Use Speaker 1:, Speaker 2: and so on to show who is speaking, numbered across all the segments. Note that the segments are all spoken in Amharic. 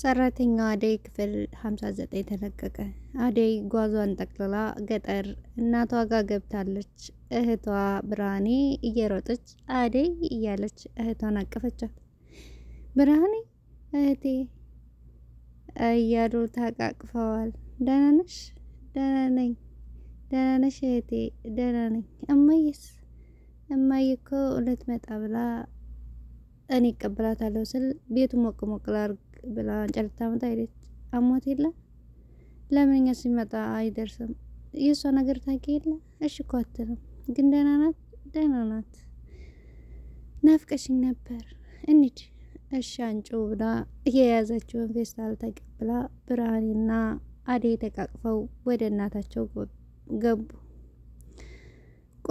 Speaker 1: ሰራተኛ አደይ ክፍል 59 ተለቀቀ። አደይ ጓዟን ጠቅልላ ገጠር እናቷ ጋር ገብታለች። እህቷ ብርሃኔ እየሮጠች አደይ እያለች እህቷን አቀፈቻት። ብርሃኔ እህቴ እያሉ ተቃቅፈዋል። ደህና ነሽ? ደህና ነኝ። ደህና ነሽ እህቴ? ደህና ነኝ። እማዬስ? እማዬ እኮ ልትመጣ ብላ እኔ እቀበላታለሁ ስል ቤቱ ሞቅ ሞቅ ብላ እንጨት ታመጣ ሄደች። አሟት የለ ለምን እኛ ሲመጣ አይደርስም? የእሷ ነገር ታውቂ የለ እሺ እኮ አትልም፣ ግን ደህና ናት፣ ደህና ናት። ናፍቀሽኝ ነበር እንሂድ እሺ አንጩ ብላ የያዘችውን ፌስታል ተቀብላ ብርሃኔና አዴ ተቃቅፈው ወደ እናታቸው ገቡ።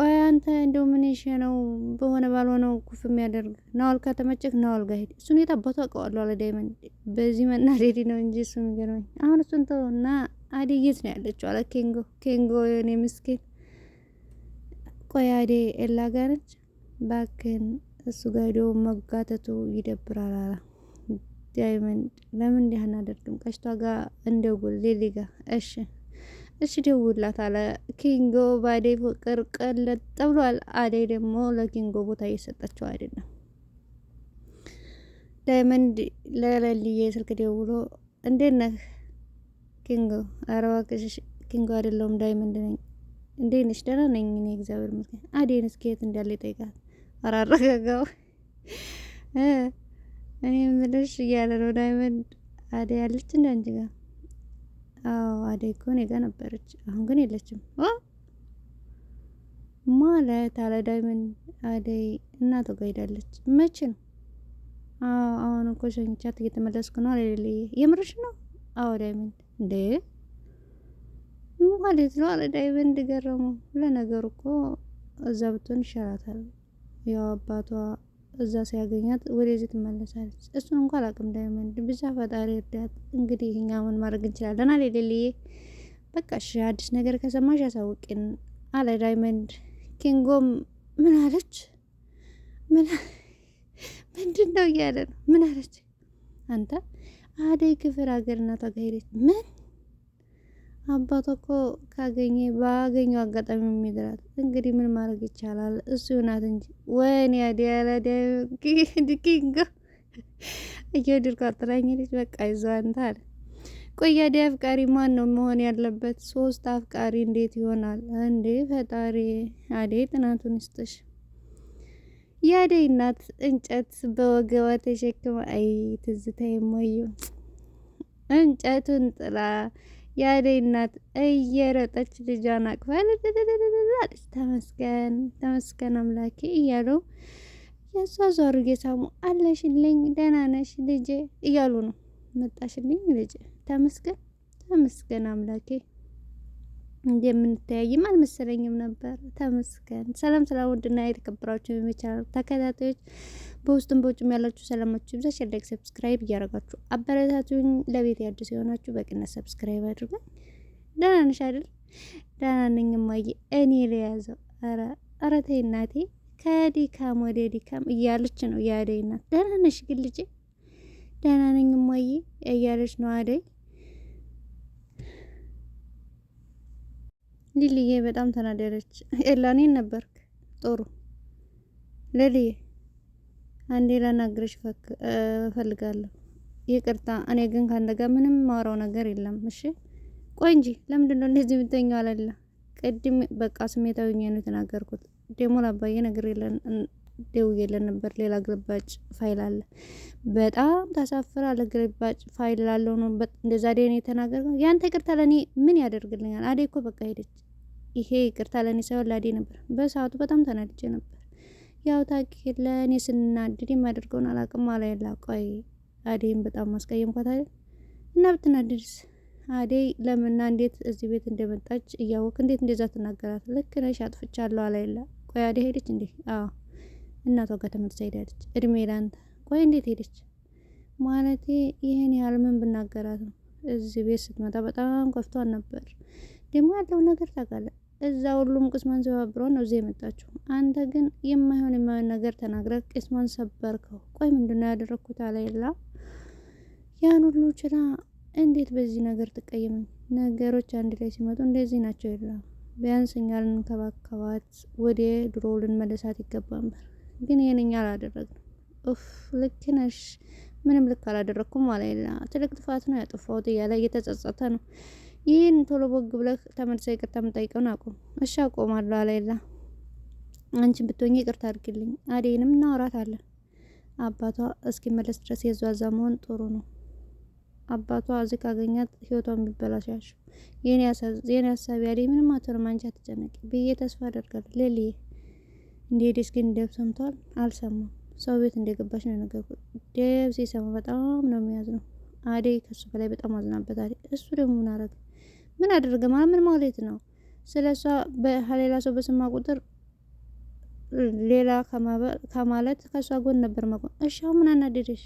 Speaker 1: ቆይ አንተ እንደው ምን ይሽ ነው በሆነ ባልሆነው ኩፍ የሚያደርግ ናዋል ከተመቸክ ናዋል ጋር ሄድ። እሱን የት አባቱ አውቀዋለሁ አለ ዳይመንድ። በዚህ መናደዴ ነው እንጂ እሱ የሚገርመኝ አሁን እሱን ተው እና አዴ የት ነው ያለችው? አለ ኬንጎ። ኬንጎ የኔ ምስኪን ቆይ አዴ ኤላ ጋር ነች። ባክን እሱ ጋር ሄዶ መጋተቱ ይደብራል አለ ዳይመንድ። ለምን እንዲህ አናደርግም? ቀሽቷ ጋር እንደው ጉል ሌሊ ጋር እሺ እሺ ደውላት አለ ኪንጎ። በአደይ ፍቅር ቀለጥ ብሏል። አደይ ደግሞ ለኪንጎ ቦታ እየሰጠችው አይደለም። ዳይመንድ ለለልዬ ስልክ ደውሎ እንዴት ነህ ኪንጎ? ኧረ እባክሽ ኪንጎ አይደለሁም ዳይመንድ ነኝ። እንዴት ነሽ? ደህና ነኝ እኔ እግዚአብሔር ይመስገን። አደይን እስኪ የት እንዳለ ይጠይቃት። ኧረ አረጋጋው እኔ የምልሽ እያለ ነው ዳይመንድ። አደይ አለች እንዳንቺ ጋር አዎ አደይ እኮ እኔ ጋር ነበረች፣ አሁን ግን የለችም ማለት አለ ዳይመንድ። አደይ እናቷ ጋር ሄዳለች። መቼ ነው? አዎ አሁን እኮ ሸኝቻት እየተመለስኩ ነው። አለሌ የምርሽ ነው? አዎ ዳይመንድ። እንዴ ማለት ነው አለ ዳይመንድ። ገረመው። ለነገሩ እኮ እዛ ብትሆን ይሻላታል ያው አባቷ እዛ ሲያገኛት ወደዚህ ትመለሳለች። እሱን እንኳ አላውቅም። ዳይመንድ ብቻ ፈጣሪ እርዳት። እንግዲህ እኛ ምን ማድረግ እንችላለን? አለ ሌልዬ። በቃ እሺ፣ አዲስ ነገር ከሰማሽ ያሳውቅን አለ ዳይመንድ። ኪንጎም ምን አለች? ምንድን ነው እያለ ነው። ምን አለች? አንተ አደይ ክፍር ሀገር እናቷ ጋር ሄደች። ምን አባቷ እኮ ካገኘ ባገኘው አጋጣሚ የሚድራት እንግዲህ ምን ማድረግ ይቻላል? እሱ ይሆናት እንጂ ወይኔ ያዲያላ ዲኪንግ እየወድርኩ አጥራኝ ልጅ በቃ ይዘዋንታል። አለ። አፍቃሪ ማን ነው መሆን ያለበት? ሶስት አፍቃሪ እንዴት ይሆናል እንዴ? ፈጣሪ አዴ ጥናቱን ይስጥሽ። የአደይ እናት እንጨት በወገቧ ተሸክማ አይ ትዝታ የሞየው እንጨቱን ጥላ የአደይ እናት እየሮጠች ልጇን አቅፋ ተመስገን ተመስገን አምላኬ እያሉ ያሷዟሩ እየሳሙ አለሽልኝ፣ ደህና ነሽ ልጄ እያሉ ነው። መጣሽልኝ ልጄ፣ ተመስገን ተመስገን አምላኬ እንደምንተያይም አልመሰለኝም ነበር። ተመስገን። ሰላም ሰላም! ውድና የተከበራችሁ የሚቻሉ ተከታታዮች በውስጥም በውጭም ያላችሁ ሰላማችሁ ይብዛ። ሼር፣ ላይክ፣ ሰብስክራይብ እያደረጋችሁ አበረታቱኝ። ለቤት አዲስ የሆናችሁ በቅነት ሰብስክራይብ አድርጉኝ። ደህና ነሽ አይደል? ደህና ነኝ እማዬ። እኔ ለያዘው ኧረ ኧረ ተይ እናቴ ከድካም ወደ ድካም እያለች ነው የአደይ እናት። ደህና ነሽ ግን ልጄ? ደህና ነኝ እማዬ እያለች ነው አደይ። ሊልዬ በጣም ተናደረች። ኤላኔን ነበርክ ጥሩ ለልዬ አንዴ ላናግርሽ እፈልጋለሁ። ይቅርታ፣ እኔ ግን ካንተ ጋር ምንም የማወራው ነገር የለም። እሺ ቆይ እንጂ ለምንድን ነው እንደዚህ የምትተኛው? አለላ ቅድም በቃ ስሜታዊ ነው የተናገርኩት። ደግሞ ላባዬ ነገር የለን ደውዬለት ነበር። ሌላ ግልባጭ ፋይል አለ። በጣም ታሳፍራለህ። ግልባጭ ፋይል ላለው ነው እንደዛ ደ የተናገርኩት። ያንተ ይቅርታ ለእኔ ምን ያደርግልኛል? አዴ እኮ በቃ ሄደች። ይሄ ይቅርታ ለእኔ ሳይሆን ላዴ ነበር። በሰዓቱ በጣም ተናድጄ ነበር። ያው ታውቂ ለእኔ ስናድድ የማደርገውን አላውቅም አለ ያላ ቆይ አዴይም በጣም ማስቀየምኳት አይደል እና ብትናድድስ አዴይ ለምና እንዴት እዚህ ቤት እንደመጣች እያወቅ እንዴት እንደዛ ትናገራት ልክ ነሽ አጥፍቻለሁ አለ ያላ ቆይ አዴ ሄደች እንዴ አዎ እናቷ ጋር ተመልሳ ሄዳለች እድሜ ላንተ ቆይ እንዴት ሄደች ማለት ይህን ያህል ምን ብናገራት ነው እዚህ ቤት ስትመጣ በጣም ከፍቷን ነበር ደግሞ ያለው ነገር ታውቃለህ እዛ ሁሉም ቅስሟን ሰባብሮ ነው እዚህ የመጣችው። አንተ ግን የማይሆን የማይሆን ነገር ተናግረህ ቅስሟን ሰበርከው። ቆይ ምንድን ነው ያደረግኩት? አላይላ ያን ሁሉ ችላ እንዴት በዚህ ነገር ትቀይም? ነገሮች አንድ ላይ ሲመጡ እንደዚህ ናቸው። የላ ቢያንስ እኛ ልንከባከባት ወደ ድሮ ልንመለሳት ይገባ ነበር፣ ግን ይህን እኛ አላደረግንም። ኡፍ ልክ ነሽ፣ ምንም ልክ አላደረግኩም አላይላ። ትልቅ ጥፋት ነው ያጠፋሁት እያለ እየተጸጸተ ነው ይህን ቶሎ ቦግ ብለህ ተመልሰህ ይቅርታ የምጠይቀውን አቁም። እሺ አቆማለሁ አለ ኤላ። አንቺን ብትሆኚ ይቅርታ አድርግልኝ፣ አዴንም እናወራት አለ። አባቷ እስኪመለስ ድረስ የዟዛ መሆን ጥሩ ነው። አባቷ እዚህ ካገኛት ህይወቷን ያሹ የኔ ሀሳቢ አዴ ምንም አትሆንም፣ አንቺ አትጨነቂ ብዬ ተስፋ አደርጋለሁ። ሌሊዬ እንደሄደች ግን ደብ ሰምቷል? አልሰማም። ሰው ቤት እንደገባች ነው የነገርኩት። ደብ ሲሰማ በጣም ነው የሚያዝ ነው። አዴ ከሱ በላይ በጣም አዝናበታል። እሱ ደግሞ ምን አረገ? ምን አደረገ ማለት ምን ማለት ነው? ስለ እሷ ሌላ ሰው በሰማ ቁጥር ሌላ ከማለት ከእሷ ጎን ነበር መቆም። እሺ አሁን ምን አናደደሽ?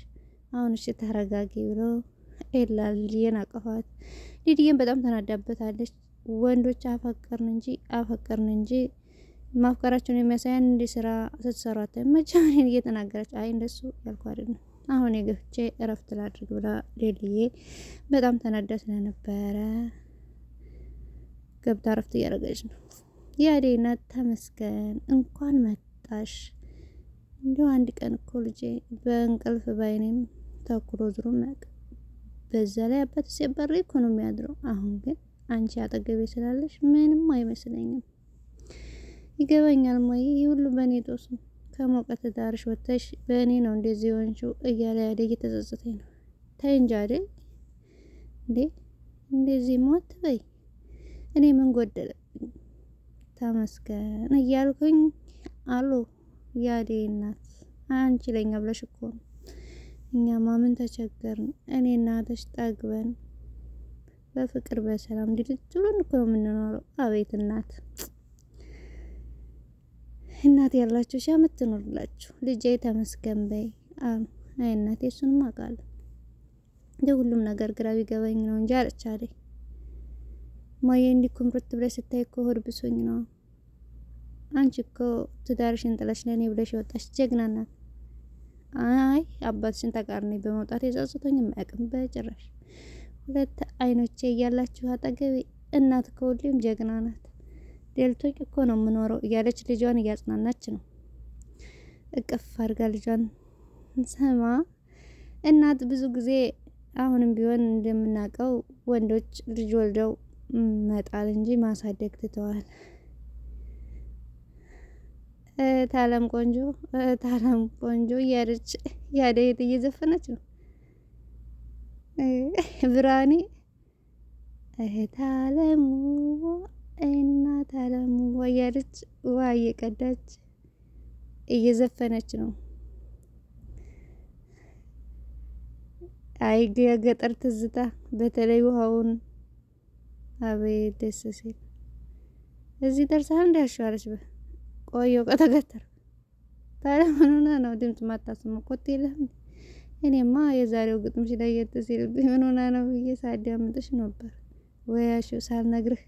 Speaker 1: አሁን እሺ ተረጋጊ ብሎ ኤላ ልጅየን አቀፋት። ሊድዬን በጣም ተናዳበታለች። ወንዶች አፈቀርን እንጂ አፈቀርን እንጂ ማፍቀራቸውን የሚያሳያን እንዲ ስራ ስትሰሯት መቻኔን እየተናገረች አይ እንደሱ ያልኩ አይደለም አሁን የገብቼ እረፍት ላድርግ ብላ ሌልዬ በጣም ተናዳ ስለነበረ ገብታ ረፍት እያደረገች ነው። የአደይ እናት ተመስገን እንኳን መጣሽ። እንዲሁ አንድ ቀን እኮ ልጄ በእንቅልፍ ባይኔም ተኩሮ ዝሮ መቅ በዛ ላይ አባት ሲበሪ እኮ ነው የሚያድረው። አሁን ግን አንቺ አጠገቤ ስላለሽ ምንም አይመስለኝም። ይገባኛል ሞይ ይህ ሁሉ በእኔ ጦስ ነው። ከሞቀት ዳርሽ ወጥተሽ በእኔ ነው እንደዚህ የሆንሽው እያለ አደይ እየተጸጸተኝ ነው። ተይ እንጂ አደይ እንዴ እንደዚህ ሞት በይ እኔ ምን ጎደለብኝ? ተመስገን እያልኩኝ አሉ የአደይ እናት አንቺ ለኛ ብለሽ እኮ ነው እኛማ ምን ተቸገርን? እኔ እናትሽ ጠግበን በፍቅር በሰላም ድልጅ ብሎን እኮ ነው የምንኖረው። አቤት እናት እናት ያላችሁ ሺህ ዓመት ትኖርላችሁ። ልጄ ተመስገን በይ። አይ እናቴ እሱንም አውቃለሁ፣ ሁሉም ነገር ግራ ቢገባኝ ነው እንጂ አለች አደይ ማየ እንዲህ ኩምርት ብለሽ ስታይ እኮ ሆድ ብሶኝ ነው። አንቺ እኮ ትዳርሽን ጥለሽ ለእኔ ብለሽ የወጣሽ ጀግና ናት። አይ አባትሽን ተቃርኔ በመውጣት የጸጽቶኝ አያውቅም በጭራሽ። ሁለት አይኖቼ እያላችሁ አጠገቢ እናት ከሁሌም ጀግና ናት። ደልቶኝ እኮ ነው የምኖረው እያለች ልጇን እያጽናናች ነው። እቅፍ አድርጋ ልጇን ሰማ። እናት ብዙ ጊዜ አሁንም ቢሆን እንደምናውቀው ወንዶች ልጅ ወልደው መጣል እንጂ ማሳደግ ትተዋል። ታለም ቆንጆ ታለም ቆንጆ እያለች ያደየት እየዘፈነች ነው ብራኒ እህት አለሙ እናት አለሙ እያለች ውሃ እየቀዳች እየዘፈነች ነው። አይ የገጠር ትዝታ በተለይ ውሃውን አቤት ደስ ሲል እዚህ ደርሰሃል እንዲያልሽው አለች። በቆየው ቀ ተገተር ታዲያ ምን ሆነህ ነው ድምፅ ማታስመው? ኮት የለህም? እኔማ የዛሬው ግጥም ሲለየት ሲልብኝ ምን ሆነህ ነው ብዬ ሳዳምጥሽ ነበር። ወያሽው ሳልነግርህ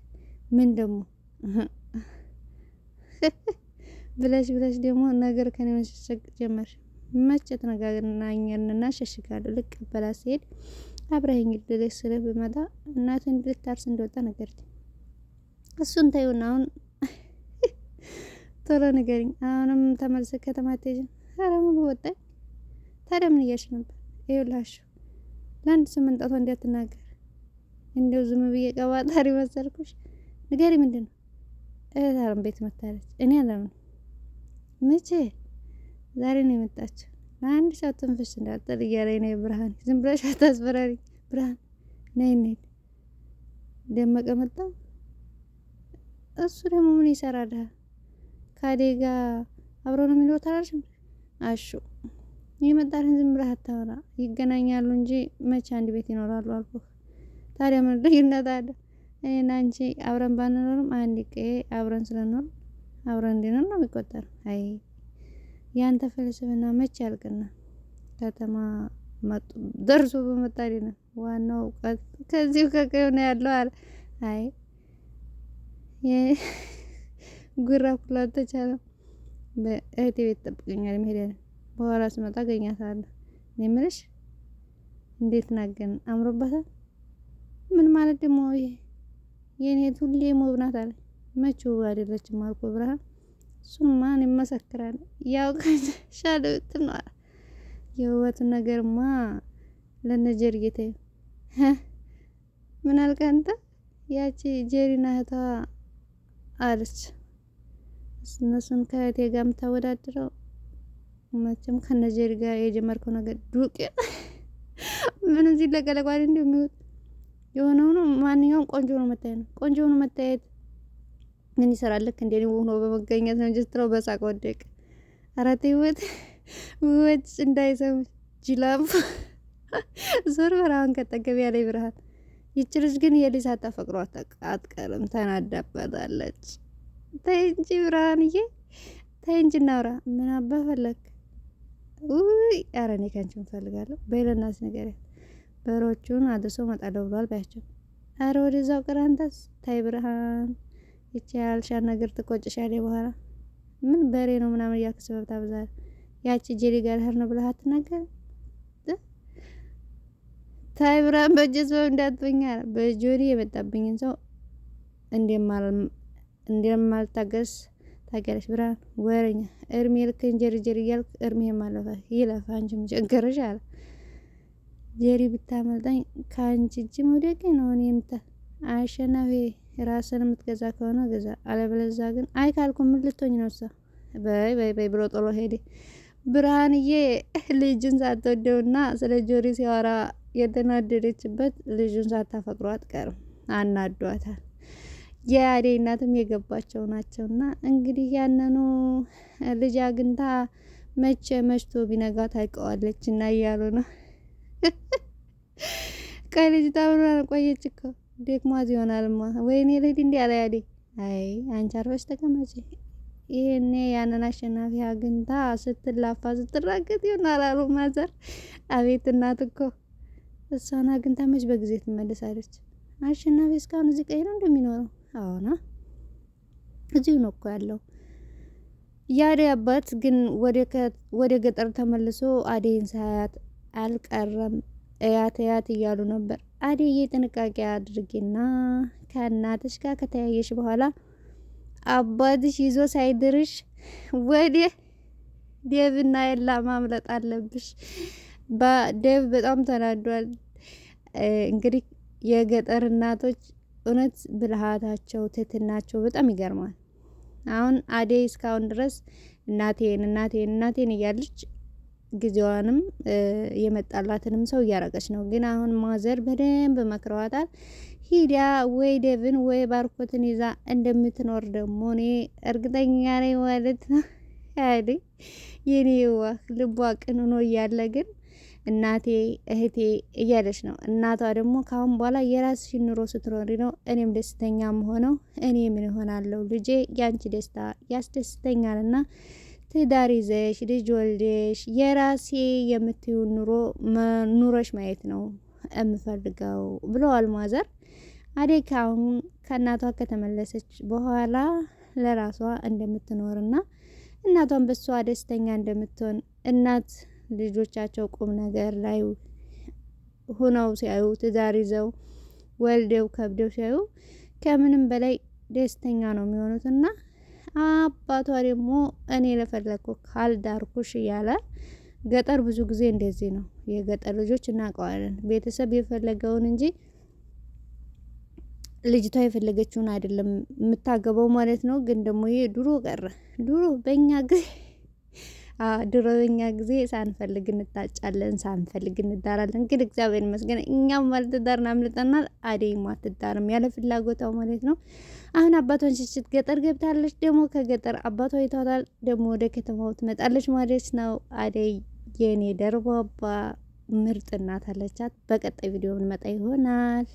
Speaker 1: ምን ደግሞ ብለሽ ብለሽ ደግሞ ነገር ከኔ መሸሸግ ጀመርሽ። መቼ ተነጋግረን እኛንና ሸሽጋለሁ ልቀበላት ሲሄድ አብረኸኝ ልደለች ስለ ብመጣ እናትን ልታርስ እንደወጣ ነገርች። እሱን ታዩና አሁን ቶሎ ንገሪኝ። አሁንም ተመልሰ ከተማ አትሄጂም? ኧረ ወጣ። ወጣኝ። ታዲያ ምን እያልሽ ነበር? ይኸውልሽ ለአንድ ስምንት እንዳትናገር እንደው ዝም ብዬ ቀባጣሪ መሰልኩሽ? ንገሪ ምንድን ነው? እህት አለም ቤት መታለች። እኔ አለም መቼ ዛሬ ነው የመጣችው አንድ ሰው ትንፍሽ እንዳጠል እያለኝ ነው። ብርሃን ዝም ብለሽ አታስፈራሪ። ብርሃን ነይ ነይ። ደመቀ መጣ። እሱ ደግሞ ምን ይሰራል? ካዴጋ ጋር አብሮ ነው የሚለው ታላልሽም አሹ የመጣልን ዝም ብለህ አታወራ። ይገናኛሉ እንጂ መቼ አንድ ቤት ይኖራሉ አልኩ። ታዲያ ምን ልዩነት አለ? እኔና አንቺ አብረን ባንኖርም አንድ ቀዬ አብረን ስለኖር አብረን እንዲኖር ነው የሚቆጠር። አይ ያንተ ፍልስፍና መቼ ያልቅና ከተማ ደርሶ በመጣሪ ነው ዋናው እውቀት ከዚሁ ከቀዩ ነው ያለው አለ። አይ ጉራ ኩላ ተቻለ። በእህቴ ቤት ጠብቀኛል መሄድ በኋላ ስመጣ አገኛታለሁ። እኔ የምልሽ እንዴት ናገን አምሮባታል? ምን ማለት ደግሞ ይሄ የኔ ሁሌ ሞብናት አለ። መቼው አይደለችም አልኩ ብርሃን እሱማ እኔ እመሰክራለሁ። ያው ከሻለ እንትን ነው የህይወት ነገርማ ለነ ጀሪ ጌታ ምን አልከ አንተ? ያቺ ጀሪና እህቷ አለች እነሱን ከእህቴ ጋር የምታወዳድረው መቼም ከነ ጋር የጀመርከው ነገር ዱቅ ምን ምንም ሲለቀለቋል እንዲሁ የሚወጥ የሆነው ነው። ማንኛውም ቆንጆ ነው መታየት ነው ቆንጆ ነው መታየት ምን ይሰራል? ልክ እንደ እኔ ሆኖ በመገኘት ነው እንጂ ስትለው በሳቅ ወደቀ። ኧረ ተይ ወጥ ወጭ እንዳይሰሙ ጅላም ዞር ብርሃን ከጠገብ ያለ ብርሃን ይቺ ልጅ ግን የሊሳ ታፈቅሮ አትቀርም። ተናዳበታለች። ተይ እንጂ ብርሃንዬ፣ ተይ እንጂ እናውራ። ምን አባፈለክ? ፈለግ? ውይ ኧረ እኔ ከአንቺ እንፈልጋለሁ በይለናስ ነገር በሮቹን አድርሶ መጣለሁ ብሏል። ባያቸው ኧረ ወደዛው ቅር አንተስ። ብርሃን ይቺ ያልሻ ነገር ትቆጭሻል። በኋላ ምን በሬ ነው ምናምን እያልክ ስበብ ታብዛለህ። ያቺ ጄሊ ጋር ህር ነው ብለህ አትናገር። ታይ ብራን በጀት በብ እንዳትበኛ በጆሪ የመጣብኝን ሰው እንደማልታገስ ታውቂያለሽ ብርሃን። ወሬኛ እርሜ ልክን ጀሪ ጀሪ እያልክ እርሜ ማለፈ ይለፋ አንቺም ቸገረሽ አለ ጀሪ ብታመልጠኝ ከአንቺ እጅ መውደቄ ነው እኔ የምታ አሸናፊ ራስን የምትገዛ ከሆነ ገዛ፣ አለበለዛ ግን አይ ምን ልትሆኝ ነው? እሷ በይ በይ በይ ብሎ ጥሎ ሄደ። ብርሃንዬ ልጅን ሳትወደውና ስለ ጆሪ ሲያወራ የተናደደችበት ልጁን ሳታፈቅሮ አትቀርም። አናዷታል። የአደይ እናትም የገባቸው ናቸውና እንግዲህ ያነኑ ልጅ አግኝታ መቼ መሽቶ ቢነጋ ታውቀዋለች እና እያሉ ነው። ቀይ ልጅ ታምራን እኮ ደክሟት ይሆናልማ። ወይኔ ልሂድ እንዴ አለ ያዴ። አይ አንቺ አርፈሽ ተቀመጪ። ይሄኔ ያንን አሸናፊ አግኝታ ስትላፋ ስትራገጥ ይሆናል አሉ ማዘር። አቤት እናት እኮ እሷን አግኝታ መች በጊዜ ትመለሳለች? አሸናፊ እስካሁን እዚህ ቀይ ነው እንደሚኖረው? አዎና እዚሁ ነው እኮ ያለው። ያዴ አባት ግን ወደ ገጠር ተመልሶ አዴን ሳያት አልቀረም። እያት እያት እያሉ ነበር አደይ ጥንቃቄ አድርጊና ከእናትሽ ጋር ከተያየሽ በኋላ አባትሽ ይዞ ሳይድርሽ ወደ ዴቭና የላ ማምለጥ አለብሽ። ዴቭ በጣም ተናዷል። እንግዲህ የገጠር እናቶች እውነት ብልሃታቸው፣ ትህትናቸው በጣም ይገርማል። አሁን አደይ እስካሁን ድረስ እናቴን እናቴን እናቴን እያለች ጊዜዋንም የመጣላትንም ሰው እያረቀች ነው። ግን አሁን ማዘር በደንብ መክረዋታል። ሂዳ ወይ ደብን ወይ ባርኮትን ይዛ እንደምትኖር ደግሞ እኔ እርግጠኛ ነኝ ማለት ነው። ያለኝ ልቧ ቅን ሆኖ እያለ ግን እናቴ እህቴ እያለች ነው። እናቷ ደግሞ ከአሁን በኋላ የራስሽን ኑሮ ስትኖሪ ነው እኔም ደስተኛ መሆነው። እኔ ምን እሆናለሁ ልጄ፣ ያንቺ ደስታ ያስደስተኛልና ትዳር ይዘሽ ልጅ ወልደሽ የራሴ የምትዩ ኑሮ ኑሮሽ ማየት ነው የምፈልገው ብለዋል ማዘር። አዴካ ከአሁን ከእናቷ ከተመለሰች በኋላ ለራሷ እንደምትኖርና እናቷን በሷ ደስተኛ እንደምትሆን እናት ልጆቻቸው ቁም ነገር ላይ ሁነው ሲያዩ ትዳር ይዘው ወልደው ከብደው ሲያዩ ከምንም በላይ ደስተኛ ነው የሚሆኑትና አባቷ ደግሞ እኔ ለፈለግኩ ካልዳርኩሽ እያለ ገጠር ብዙ ጊዜ እንደዚህ ነው። የገጠር ልጆች እናውቀዋለን። ቤተሰብ የፈለገውን እንጂ ልጅቷ የፈለገችውን አይደለም የምታገባው ማለት ነው። ግን ደግሞ ይሄ ድሮ ቀረ። ድሮ በእኛ ጊዜ ድሮኛ ጊዜ ሳንፈልግ እንታጫለን፣ ሳንፈልግ እንዳራለን። ግን እግዚአብሔር ይመስገን እኛም ባለትዳርን አምልጠናል። አደይም አትዳርም ያለ ፍላጎታው ማለት ነው። አሁን አባቷን ሽሽት ገጠር ገብታለች። ደግሞ ከገጠር አባቷ ይቷታል። ደግሞ ወደ ከተማው ትመጣለች ማለት ነው። አደይ የኔ ደርባባ ምርጥ እናት አለቻት። በቀጣይ ቪዲዮ እንመጣ ይሆናል።